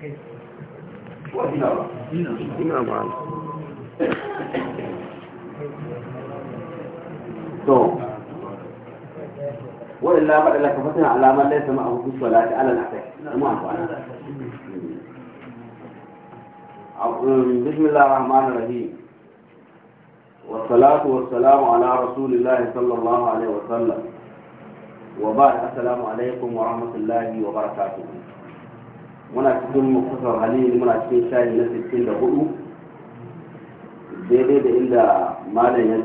ina ba to wa'in la faɗa laka fasana alamar ta ala na بسم الله الرحمن الرحيم والصلاة والسلام على رسول الله صلى الله عليه وسلم وبعد السلام عليكم ورحمة الله وبركاته muna cikin mukasar halil muna cikin shayi na 64 daidai da inda malam ya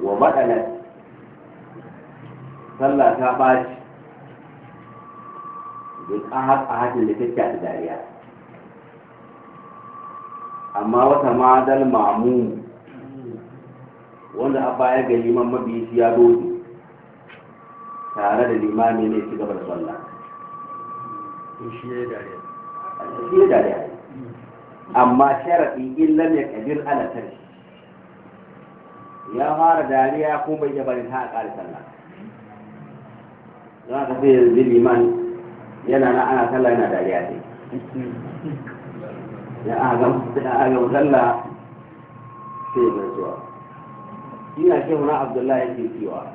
wa maɗana sallah ta ɓaci ƙahar a ahadin da take a dariya amma wata madal mamu wanda a baya ga liman mabiyi ya dole tare da limami ne ci gaba da sallah shi ya dariya shi ya dariya amma sharaɗi illan ya kadir ala tarshi ya fara dariya ko bai iya barin ha a ƙari sallah za ka sai yanzu liman yana na ana sallah yana dariya sai ya agam sallah sai mai zuwa ina shehu na abdullahi yake cewa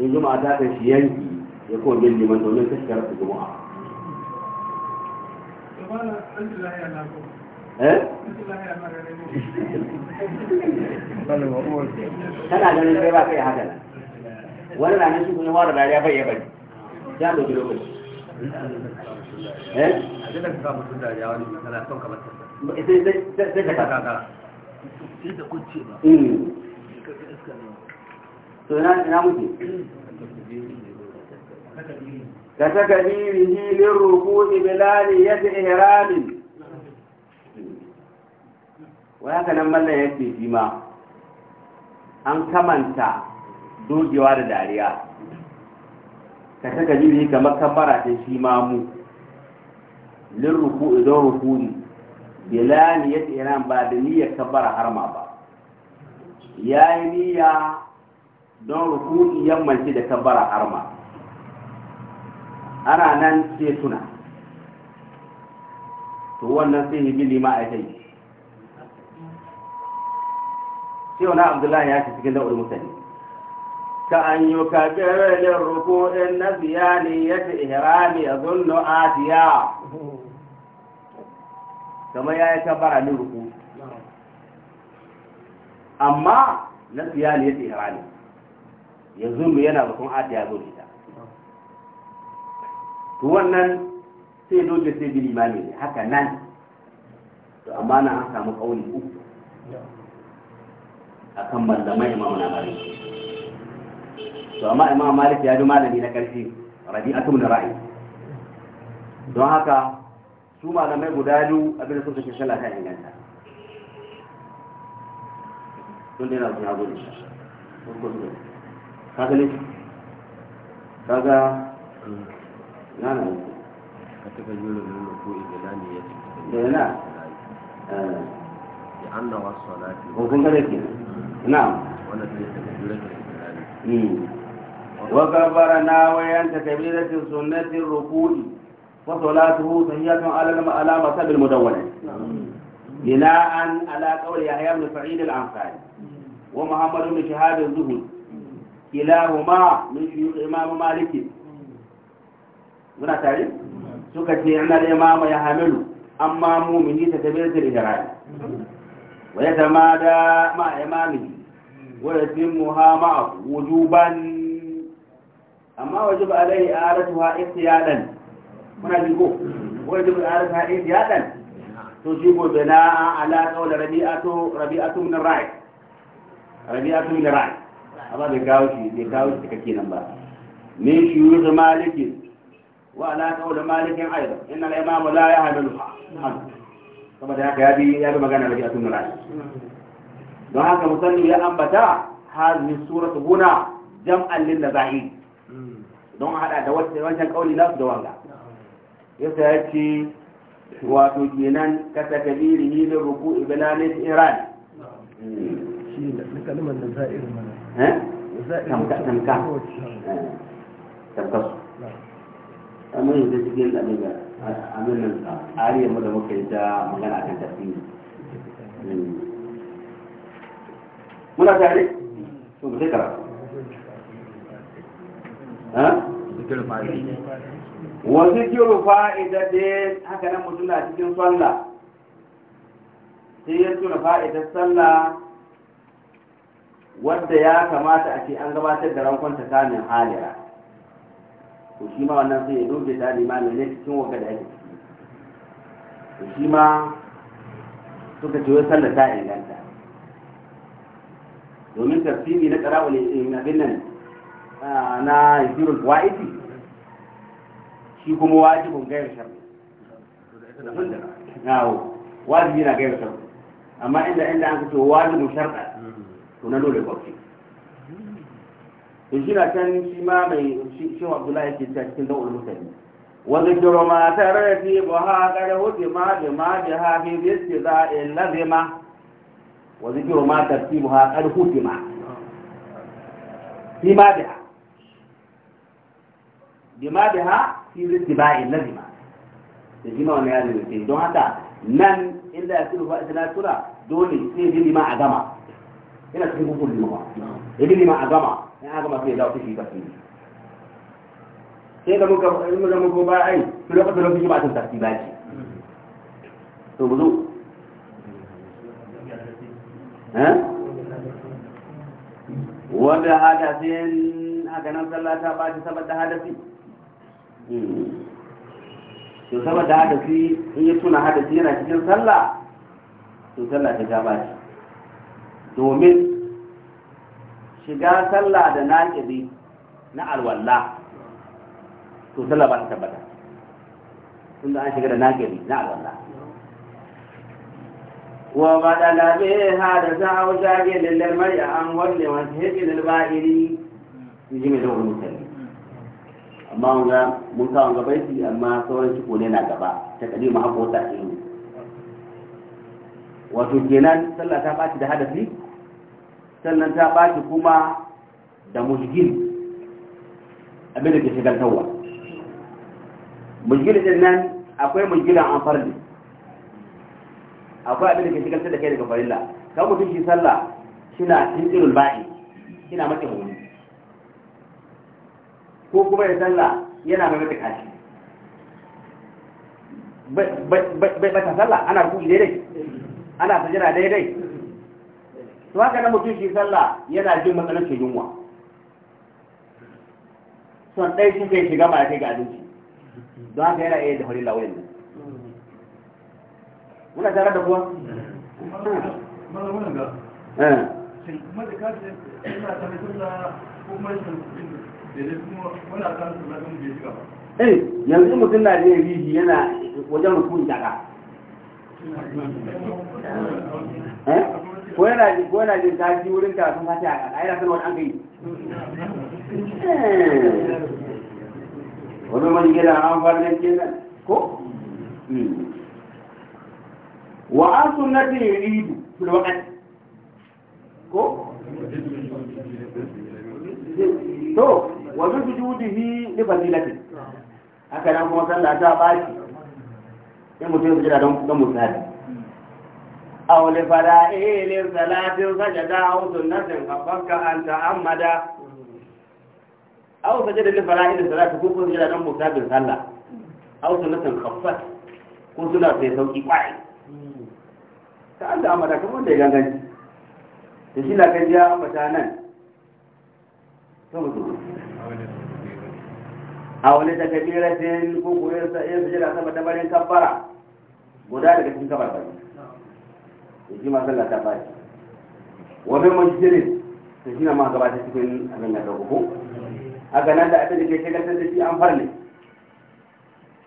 in juma'a ta kai shi yanki ya kuma bin liman domin ta shigar su juma'a tana eh? ganin sai ba kai haka nan wani ranar shi kuma wara dariya bai ya ya ɗauki lokaci eh sai ka mutum dariya wani kana son ta sai ka ta ba mm. to ina ina muke da takabirihi lirruku'i ya yadi ihramin wa haka nan mallan yake shi ma an kamanta dogewa da dariya ka saka jiri kamar kabbara ta shi ma mu lin ruku idan rukuni ya niyyat iran ba da niyyar kabbara harma ba ya yi niyya don ruku'i yammanci da kabbara arma. ana nan ce suna to wannan sai yi lima a kai sai wani abdullahi ya ce cikin da'ul mutane ka an yi kafirar ruku'in na biyani ya fi ihrami a zunnu asiya kamar ya yi kabbara ne ruku amma na biyani ya fi ihrami yanzu mu yana batun ati ya zo da to wannan sai doge sai bi limami ne haka nan to amma na an samu kauli uku akan mallamai imamu na malik to amma imamu malik ya bi malami na karfi rabi'atu min ra'i don haka su malamai guda biyu abin da suka kishin lafiya inganta sun dai na zuwa gudu kaga ne kaga na na ka taka yola da nuna ko igila ne ya ce da yana ya eh. an na wasu salati ko kun ke na wanda ta yi taka da igila تكبيرة سنة الركوع وصلاته على على مصاب المدونة بناء على قول يحيى بن سعيد الأنصاري ومحمد بن شهاب الزهري kilahuma min shuyukh imam malik muna tare suka ce annal imam ya hamilu amma mu'mini ta tabiratul ihram wa yatamada ma imamihi wa yatimmuha ma'a wujuban amma wajiba alaihi aratuha ihtiyadan muna ji ko wajiba aratuha ihtiyadan to shi ko bina'a ala qawl rabi'atu rabi'atu min ra'i ra'i amma bai kawo shi bai kawo shi kake nan ba min shuyuz maliki wa ala qawl malikin aidan inna al imam la yahmilu saboda haka ya bi ya bi magana da kitabun rashi don haka musallim ya ambata hadhihi suratu huna jam'an lin nazai don hada da wancan kauli nasu da wanga yasa ya ce wato kenan ka takabiri ni da ruku iblanis iran shi ne da kalmar da za'irin Eh? tamka tamka eh, tamka su amma yanzu cikin abin da abin nan tsari yamma da muka yi ta magana kan tafsiri hmm. muna tare to ba sai karatu wa zikiru fa'idatin haka nan mutum na cikin sallah sai ya tuna fa'idar sallah wanda ya kamata a ce an gabatar da rankon ta kamin halira ko shi ma wannan sai ya doge ta limamin ne cikin wanka da ake ciki Ko shi ma suka ce wai sallar ta inganta domin tafsiri na wani abin nan na yasirul waiti shi kuma wajibin gayar sharri wajibi na gayar sharri amma inda inda an kace wajibin sharri to na dole kwafi to shi na can shi ma mai shi abdullahi yake cewa cikin da'ul mutane وذكر ما ترتيبها قد هتم بمادها في الاستداء اللزمة وذكر ما ترتيبها قد هتم في مادها بمادها في الاستداء اللزمة تجمع ونيال الاثنين دون هذا نن إلا يصير هو إثناء سورة دون يصير بما أدمه yana cikin hukun lima ya bi lima a gama in a gama sai ya dawo kashi tafsiri sai da muka in muka muka ba ai da lokacin lokacin ba tun tafsiri ba ce to buzo eh? wanda hadasin haka nan sallah ta ba ta saboda hadasi to saboda hadasi in yi tuna hadasi yana cikin sallah to sallah ta ta ba shi domin shiga sallah da naƙiri na alwalla to sallah ba ta tabbata tun da an shiga da naƙiri na alwalla wa ba da labe ha da za a wuce ake lallar marya an wanne wani hekin alba'iri su ji mai dogon mutane amma mun ga mun kawo gabaiti amma sauran shi ne na gaba ta kalli ma'akota ilimin wato kenan sallah ta ɓaci da hadafi sannan ta ɓaci kuma da mulgin abin da ke shigaltarwa mulgin din nan akwai mushgilan an farli akwai abin da ke shigaltar da kai daga farilla kan mutum shi sallah shina irin ba'i shina mace hulu ko kuma ya sallah yana mai mata kashi bai bata sallah ana rukuki daidai ana sajada daidai to haka nan mutum shi sallah yana jin matsalar yunwa son ɗaya shi kai shiga ba ya kai ga abinci don haka yana iya da hori lawin nan muna tare da kuwa eh. Eh, yanzu mutum na da yin yana wajen mutum jaka ko yana ji ko yana jin tashi wurin karatun fati a kan ayyana wani an kai eh. wani man gida an farnar kenan ko hmm. wa an sunnati yuridu fil waqt ko to wa bi wujudihi li fadilati haka nan kuma sallah ta shi. sai mutum su don musali a wani fada ilin salatin sajada a hutun nasin haɓaka an ta'ammada a wasu jira da fara ilin salatin ko kuma jira don musabin sallah a wasu nasin haɓaka ko suna sai sauƙi ƙwari ta an ta'ammada kan wanda ya ganganci da shi na kan ja mata nan a wani takabiratin ko koyar sa iya sujira sama da kabbara guda daga cikin kamar bari da shi masu sallah ta bari wani bai masjirin to shi na ma ta cikin abin da ko a nan da abin da ke da shi an farne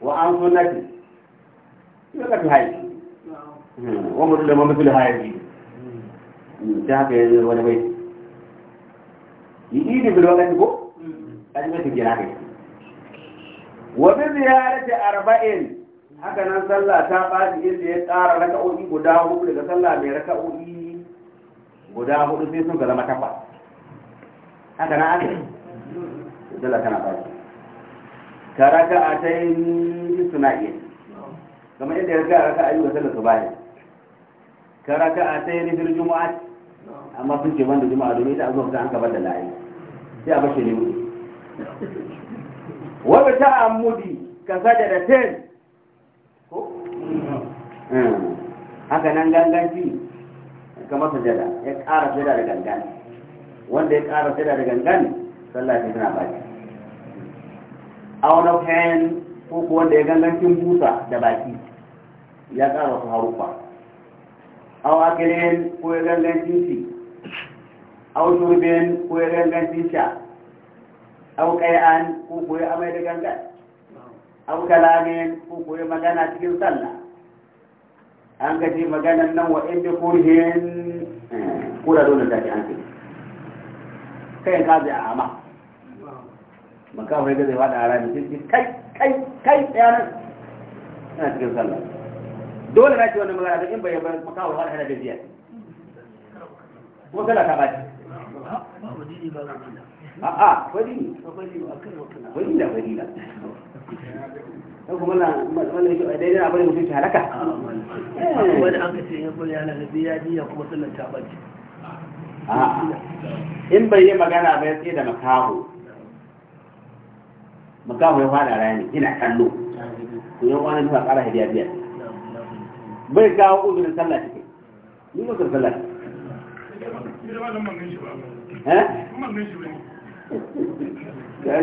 wa an shi. ya ka fi hayi wa mutu da da haifi hmm, ta haka yanzu wani bai yi idi bil wakati ko hmm. ajmatu jirage wa bi ziyarati arba'in haka nan sallah ta ɓaci inda ya ƙara raka'o'i guda hudu daga sallah mai raka'o'i guda hudu sai sun zama takwas haka nan aka sallah tana ɓaci ka raka a ta yi suna iya kamar yadda ya raka a yi wa sallah su bayan ka raka a ta yi nufin juma'a amma sun ce banda juma'a domin ita zuwa an kabar da layi sai a bashe ne wuri wata ta'amudi ka sada da ten haka nan ganganci kamar sajada ya ƙara sajada da gangan wanda ya ƙara sajada da gangan sallah ce tana baki out of hand ko ko wanda ya gangancin busa da baki ya ƙara su harufa aw akilin ko ya gangancin shi aw turbin ko ya gangancin sha aw qai'an ko ko ya amai da gangan aw kalamin ko ko ya magana cikin sallah an gaji maganan nan wa inda kurhin eh, kura dole da an ce kai ka ji a maka makafa ya zai da ara ne sai kai kai kai tsayanar na cikin sallah dole na ce wani magana da in bai bar maka fada hada da biya ko sallah ta baci a'a wadi ne wadi da wadi don kuma na daidai na mutum halaka ah, an ya bari yana da ba biya kuma ah. in bai yi magana ba ya tsaye da makaho makaho ya fada rani ina kallo to yan wani zuwa kara hadiya biya bai kawo uzurin sallah ni sallah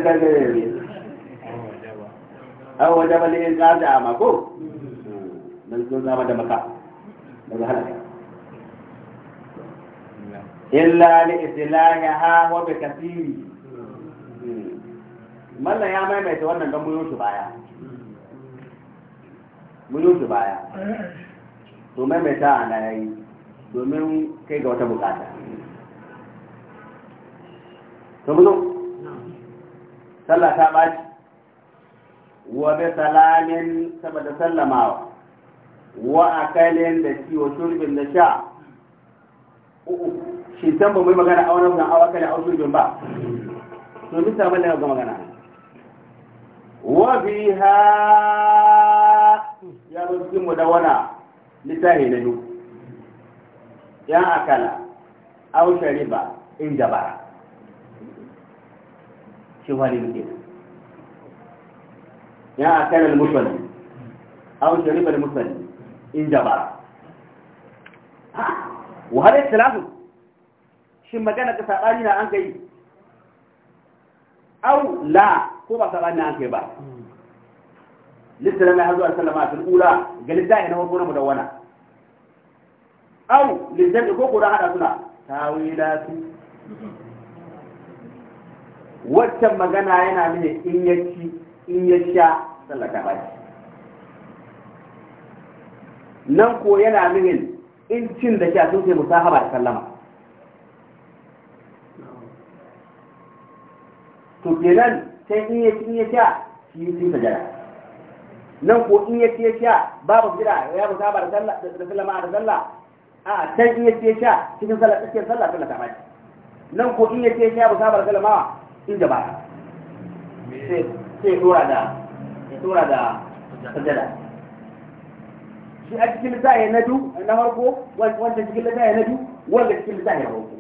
shi eh? an waje bale in ƙasa a mako don sun zama da maka daga halaka illa li islahi ha wa bi kasiri Malla ya maimaita wannan don mun baya mun baya to maimaita ana yayi domin kai ga wata bukata to mu sallah ta baci wa bi salamin saboda sallama wa akalin da ci wa shurbin da sha uku shi san ba mai magana a wani awa kare a shurbin ba to mi samu da ga magana wa biha ya zo cikin mu da wana littafi na duk ya akala au shariba in jabara shi wani ne ya akala al-musalli aw shariba al-musalli in jabara wa hada tilafu shin magana ka sabani na an kai Au, la ko ba sabani na an kai ba littara mai hazuwa sallama a ula ga littafi na farko na mudawwana aw littafi ko ko da hada suna tawila su waccan magana yana nuna in yaki in ya sha sallah ta baki nan ko yana nuhin in cin da sha sun kai musahaba da sallama to kenan sai in ya ci in ya sha shi yi sajara nan ko in ya ci ya sha babu da ya musahaba da da sallama da sallah a can in ya ci ya sha cikin sallah tsakiyar sallah sallah ta baki nan ko in ya ci ya sha musahaba da sallama da ba sai tura da tura da sajada shi a cikin lissahi na du na farko wanda cikin lissahi na du wanda cikin lissahi na farko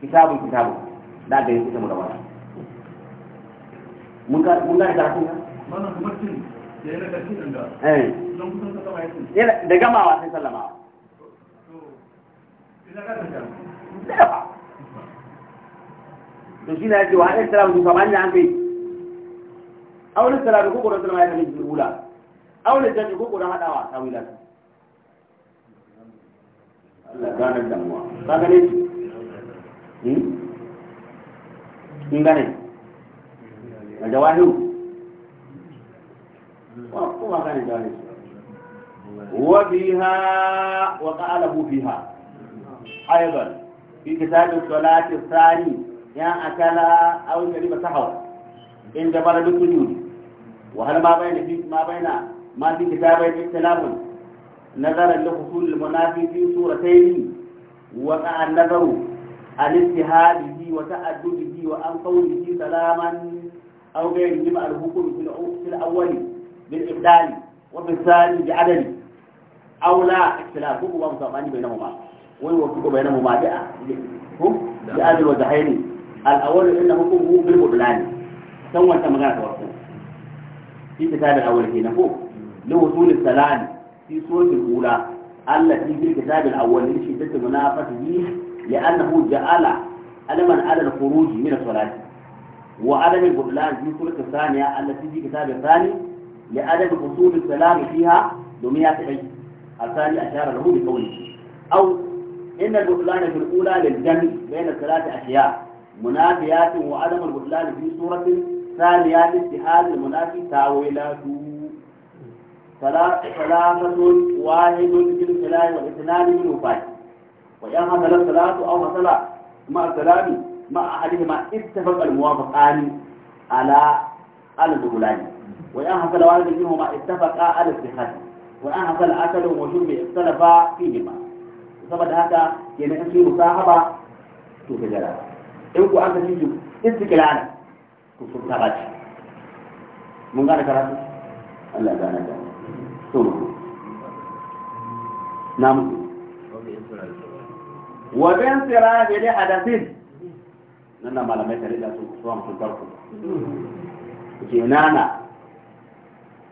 kitabun kitabun da ga kusa mu da wani mun ga mun ga da kuma na kuma cin yana da cin da eh don kusan yake da gamawa sai sallama to ka da ba to shi na wa alaihi salam du kamar an kai أو نسلا بكو قرن سلم عيسى من جبرولا أول نسلا هو قرن هذا هو تاويلا لا كان الدموع كان ليش هم إنكني الجواهر هو كان الجواهر وبها وقاله بها أيضا في كتاب الصلاة الثاني يا أكلا أو كلمة سحوة عند برد السجود وهل ما بين في ما بين ما في كتابين اختلاف نظرا لحصول المنافي في سورتين وقع النظر عن اجتهاده وتعدده وعن قوله سلاما أو غيرهما الحكم في الأول بالإبدال وبالثاني بعدل أو لا اختلاف هو مصابان بينهما ويوفق بينهما بأ هم بأذل وزحيني الأول إنه هو بالبطلان ثم أنت مغانا في كتاب الأول هنا فوق لوصول السلام في سورة الأولى التي في الكتاب الأول لشدة منافسه لأنه جعل ألما على الخروج من الصلاة وعدم البطلان في سورة الثانية التي في الكتاب الثاني لعدم حصول السلام فيها دمية عيد الثاني أشار له بقوله أو إن البطلان في الأولى للجمع بين الثلاث أشياء منافيات وعدم البطلان في سورة ثانيا استحال المنافي تاويلات ثلاثة واحد في الخلال والاثنان من وفاة وإن حصل الصلاة أو حصل مع السلام مع أحدهما اتفق الموافقان على على الدخولان وإن حصل واحد منهما اتفق على الاتحاد وإن حصل أكل وشرب اختلفا فيهما saboda هذا kenan في مصاحبة musahaba to ka jara أنت تجد استقلالك to sun ta bace mun gane karatu Allah gane da to namu wa bin siraj li hadathin nan malamai tare da su su am sun farko kenana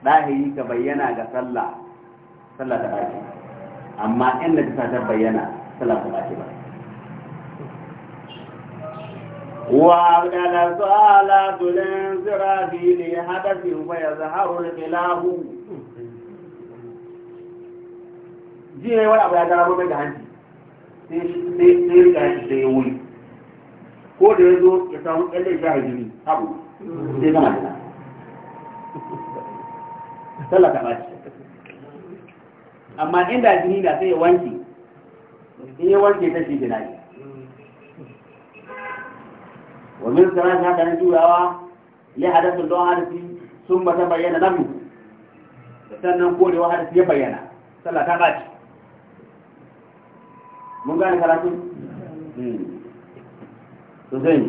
dahiri ka bayyana ga sallah sallah ta bace amma in da ta bayyana sallah ta bace ba وأبدل صلاة الانصراف لحدث فيظهر الخلاف jiya wani abu ya jarabo mai da hanci sai ya hanci sai wuri ko da ya zo ya samu tsalle ya a abu sai gama da sallah ta ɓaci amma inda jini na sai ya wanke in ya wanke ta shi jina ne ومن ثلاث هذا نجو يوا لحدث الله حدثي ثم تبين نبي sannan kore wa ya bayyana sallah ta baci mun gane karatu to sai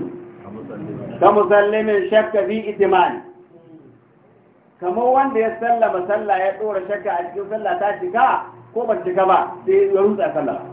ka musallimin shakka fi itimani kamar wanda ya sallama salla ya ɗora shakka a cikin sallah ta shiga ko ba shiga ba sai ya rutsa sallah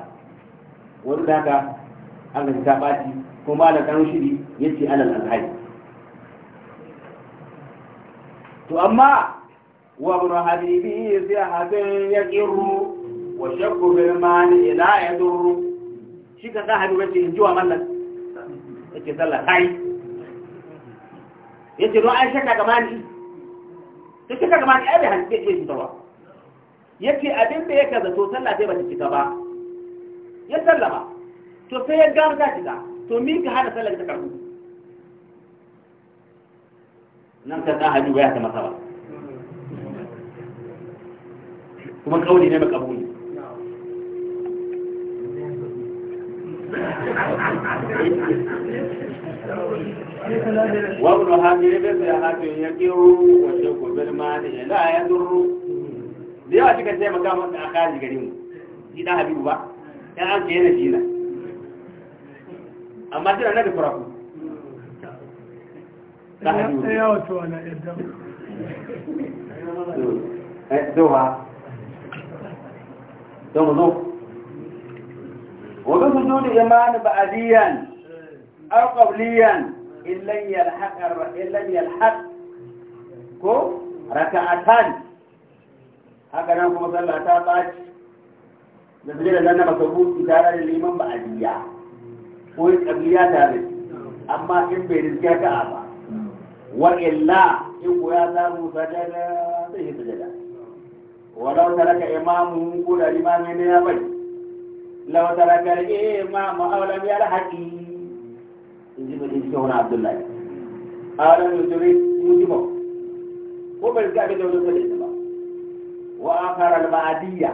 wani daga aka ta baci ko ba da kanun shiri yace alal alhaji to amma wa ibn habibi fi hadin yaqiru wa shakku bil mani ila yadur shi ka da habibi ce injuwa mallan yake sallah kai yace ruwa ai shaka ga mani ta shakka ga mani ai bai hanke ce ta ba yace abin da yake da to sallah sai ba ta ci ba يتلما تصير سي غار جاتا تو مين كان سلك تكرم نمت تاهل جوا كما ترى كما قولي نعم قبول وابن هذه البيت يا هذه يكير وشوك بالمال لا يضر ديوا تكتب مقام أخاك قديم إذا حبيبه ya an ke yana jina amma tana na da faraku ta hadu ya wato wani ɗan doha don mu zo وبه وجود إيمان بعديا أو قبليا إن لن يلحق إن لن يلحق كو ركعتان هكذا كما صلى الله da su da na makaruki tare da liman ba a biya ko yi ƙabiliya tare amma in bai riska ka ba wa illa in ko ya samu sajada zai yi sajada walau taraka imamu ko da limami ne ya bai law taraka imamu aw lam yalhaqi in ji bai cikin wani abdullahi A aw lam yujri mujibo ko bai riska ka da wani sajada ba wa akhara al-ba'diyya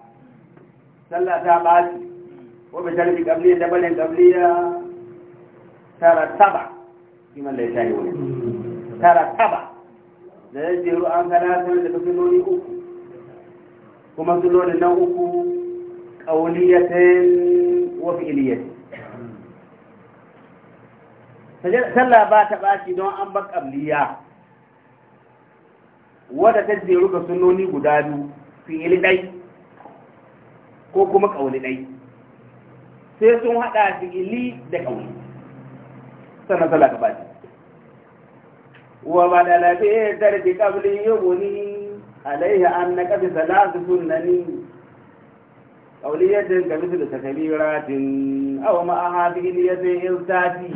sallah ta ɓaci ko bi tarbi qabliya da balin qabliya tara saba kiman da ya wani tara saba da ya jeru an kalatar da sunoni uku kuma sunoni nan uku ƙauniyatin wa fi'iliyatin sallah ba ta ɓaci don an bar ƙabliya wadda ta jeru ga sunoni guda biyu fi'ili ɗai ko kuma ɗai sai sun haɗa fi'ili da ƙauni sannan sala ka baci wa ba da lafiya darbi ƙablin yubuni alaiha an na ƙafi salatu sunnani ƙauliyatin ga misu da takabiratin aw ma'aha fi'iliyatin irtati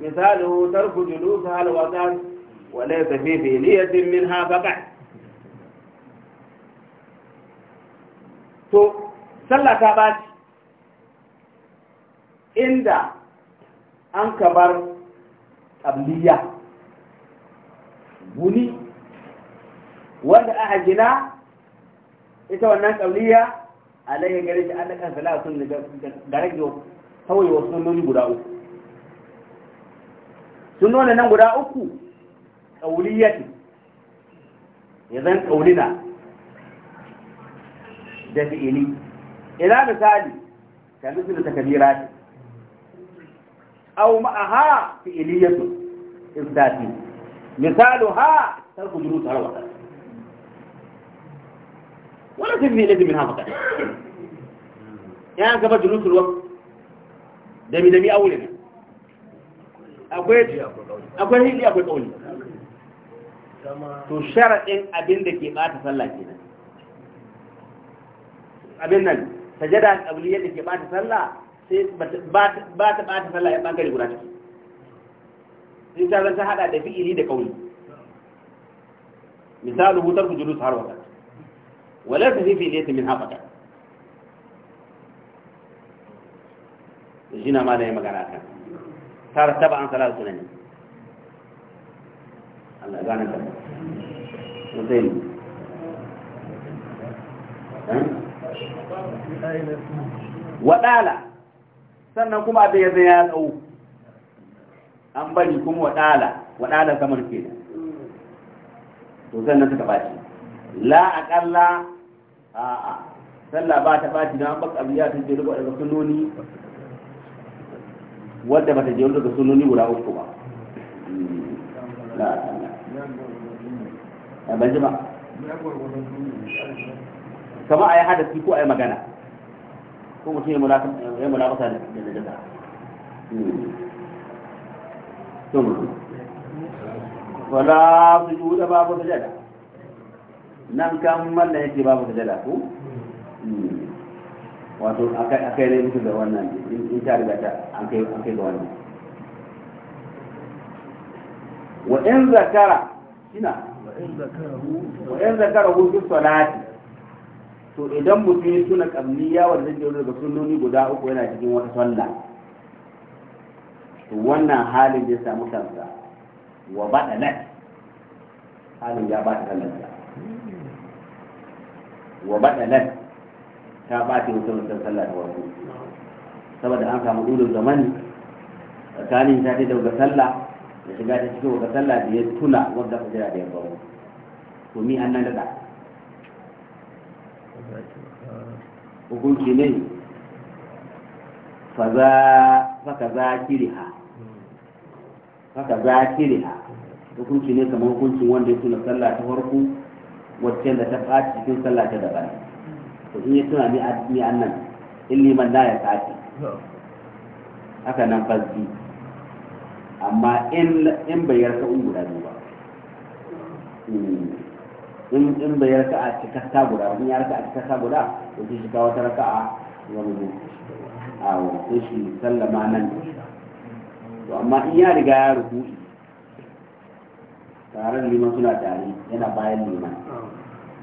misalu su julusu halwatan wa laysa fi min minha faqat to sallah ta baci inda an kabar ƙabliya guni wanda aka gina ita wannan ƙabliya a laifin gare shi an da kansa sun da rage kawai wasu sunnoni guda uku nuna nan guda uku ƙauliyati ya zan ƙaulina da fi'ili ila misali ka da takabira ce aw ma'aha fi'liyatu istati misaluha ta jurut harwa wala tafi ne min haka ya gaba jurutul waqt dami dami ne akwai akwai hili akwai kauli to sharaɗin abin da ke bata sallah kenan abin nan sajada qabliyyar da ke bata sallah sai ba ta bata sallah ya bangare guda take sai ta zanta hada da fi'ili da kauli misalu hu ku julus har wakat wala ta fi fi'iliyati min haqqa shi ma da ya magana kan tarattaba an salatu sunan Allah ya gane ka mutai waɗala sannan kuma abin ya zai ya tsawo an bari kuma waɗala waɗala samar ke da to sannan suka ɓaci la aƙalla a sallah ba ta ɓaci don an baka abin ya tunce rubuwa daga sunoni wadda ba ta je daga sunoni guda uku ba hmm. la aƙalla ban ji ba kama a yi hadasi ko a yi magana ko mutum ya mulabasa da jaza hmm. wala su juda babu sujada nan kan malla yake babu sujada ko hmm. wato akai ne mutum da wannan in ta riga ta an kai an kai ga wannan wa in zakara hu wa in zakara hu fi salati to idan mutum ya tuna ya wanda zai daga sunnoni guda uku yana cikin wata sallah to wannan halin da ya samu kansa wa nan halin ya nan da wa nan ta bata mutum sallah da wasu saboda an samu dudun zamani tsakanin ta ce daga sallah da shiga ta cikin wata sallah da ya tuna wanda ta jira da ya bawo to mi nan da hukunci ne faka za kiriha faka za kiriha hukunci ne kamar hukuncin wanda ya tuna sallah ta farko wacce da ta fata cikin sallah ta daban to in ya tuna ni annan in liman na ya ɓaci haka nan fasbi amma in bayar ka umu da ba hmm. in in bai raka'a cikakka guda in ya raka'a cikakka guda to sai shi kawo ta raka'a ya rubu a sai shi sallama nan to amma in ya riga ya rubu'i taron liman suna tare yana bayan liman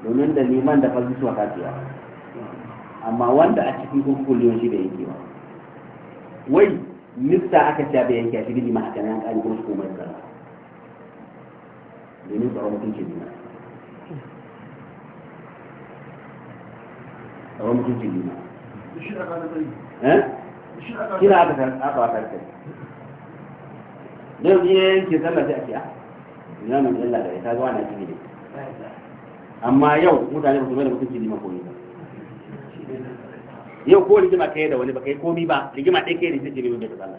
domin da liman da farko suwa kafiya amma wanda a cikin kurkukun liman shi da yake ba wai nista aka ce bai yanke shi da liman haka nan an kari kurkukun mai kara domin tsaron mutuncin liman a wani mutunci ne kina aka eh? karɓa karkari don yi yanke sallah sai a ah, ina da yalla da ita zuwa na cikin amma yau mutane ba su bai da mutunci ne makoni ba yau ko rigima kai da wani ba kai komi ba rigima ɗaya kai ita ce mai da sallah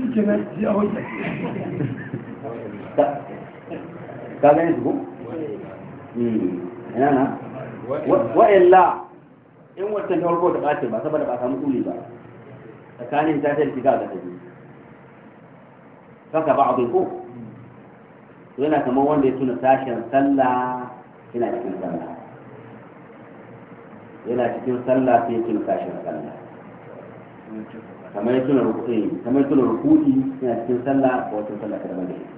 shi ke nan ji a wajen ka gani su ku? yana na la, in wancan ta farko ta ɓace ba saboda ba samu tsuli ba tsakanin ta ta shiga ga tafi kaka ba abin ko yana kamar wanda ya tuna sashen sallah yana cikin sallah yana cikin sallah sai ya tuna sashen sallah kamar ya tuna rukuni kamar ya tuna rukuni yana cikin sallah ko wata sallah ta daban da ita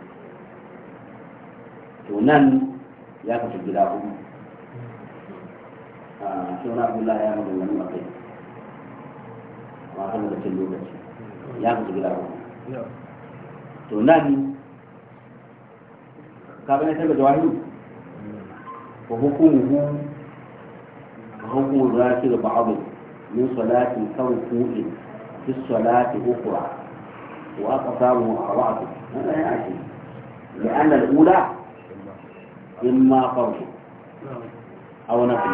to nan ya kafa gida hudu a ah, shi wani abdullah ya maganganu a kai amma kan lokacin lokaci ya kafa gida hudu to nan ka bane ta da jawahi ko hukumu ka hukumu da ake da ba'abu min salatin kan kuɗin في الصلاة أخرى وأقسام أعراض هذا يعني لأن الأولى إما فرض أو نفي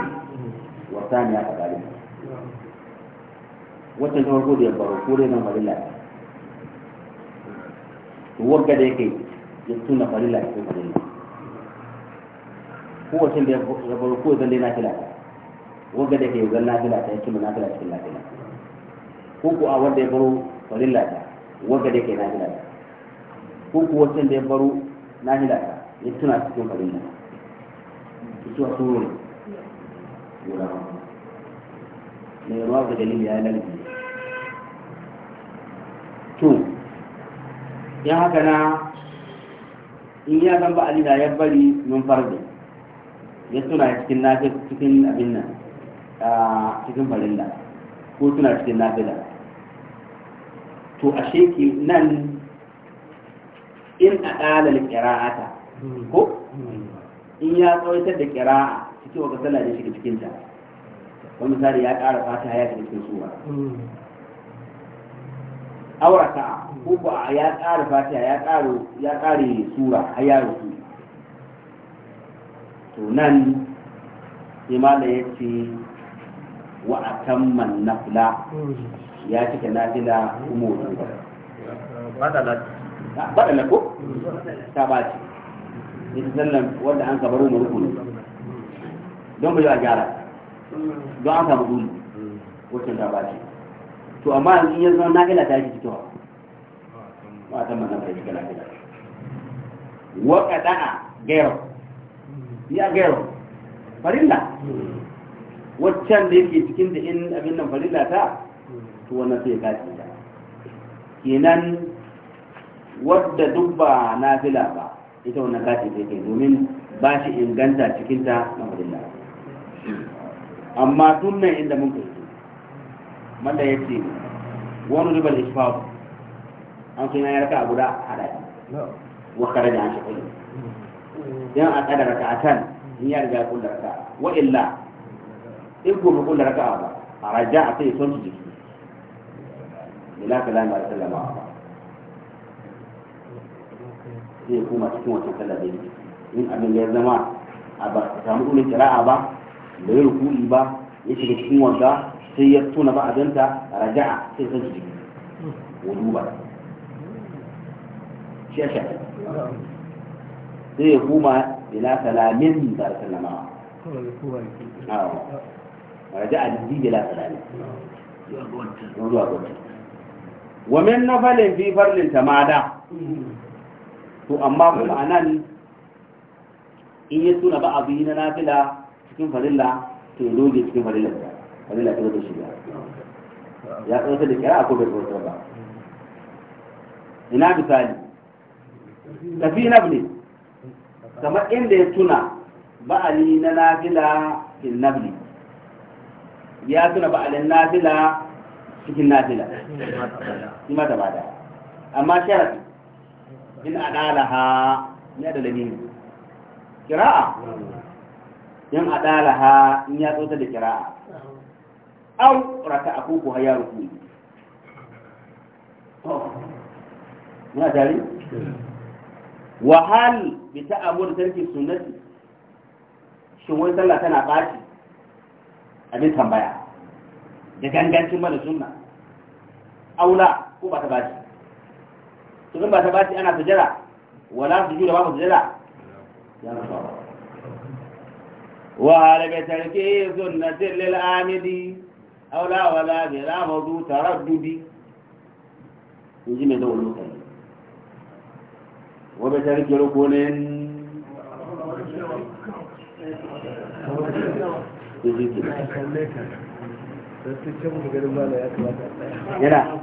والثانية كذلك wacce ta farko da ya baro ko dai na farilla ne to wanda da yake ya tuna farilla ne ko farilla ko wacce da ya baro ko zan dai na kila wanda yake yau zan na kila ta ya kima na kila na kila ko ko a wanda ya baro farilla ta wanda da yake nafila ta ko ko wancan da ya baro nafila ta ya tuna cikin farilla ki tuwa suru yura ne ruwa da dalili ya lalace to ya haka na in ya san ba alida ya bari mun farbe ya tuna cikin nafi cikin abin nan ah, cikin farilla ko tuna cikin nan. to a sheke nan in a ɗalar ƙira'ata ko in ya tsawaitar da ƙira'a cikin wata kasala da shiga cikin ta wani misali ya ƙara fata ya shiga cikin suwa aurata ko ba ya ƙara fata ya ƙara ya ƙare sura har ya rufu to nan imala ya ce wa atamman nafla mm. ya cika nafila kuma wajen ba na ko ta ba ce ita sallan wanda an kabaru mu rukun don ba yi a gyara don an samu duli wacce ta ba ce to amma yanzu ya zama nafila ta yi fitowa ba ta na ta yi kala kala wa qada'a gero ya gero farilla waccan da yake cikin da in abin nan farilla ta to wannan sai ka tsira kenan wadda duk ba na fila ba ita wannan ka tsira ke domin ba shi inganta cikin ta na madalla amma tun nan inda mun kai manda ya ce wani ribar isfahu an suna ya raka guda a ɗaya wa kare da an shi kullum dan a kada raka a can in ya riga kullar ka wa illa in gobe ka a ba a raja a sai son jiki ila kalama da sallama sai kuma cikin wata in abin da ya zama a ba samu ulin kira'a ba da ya rukuni ba ya shiga cikin wanda sai ya tona ba a raja'a sai san jiki wudu ba shi ya sai ya kuma ila kalamin da sallama raja'a da kalamin zuwa wa min nafalin fi farlin tamada to amma kuma anan in yi tuna ba abu na nafila cikin farilla to yi doge cikin farilla farilla ta zata shiga ya tsarta da kira ko da tsarta ba ina misali tafi nafli kamar inda ya tuna ba'ali na nafila in nafli ya tuna ba'alin nafila cikin nafila shi ma ta bada amma sharadi in adalaha ne da lamini kira'a in adalaha in ya tsota da kira'a au raka a koko har ya ruku muna tare wahal bi da tarki sunnati shi wani sallah tana baci abin tambaya da gangancin mana sunna aula ko ba ta bashi to ba ta bashi ana sujada wala sujuda ba sujada ya wa وهل tarki سنة للآمد أو لا ولا بلا موضوع تردد يجي من دول المسلمين وبترك ركن يجي كده yana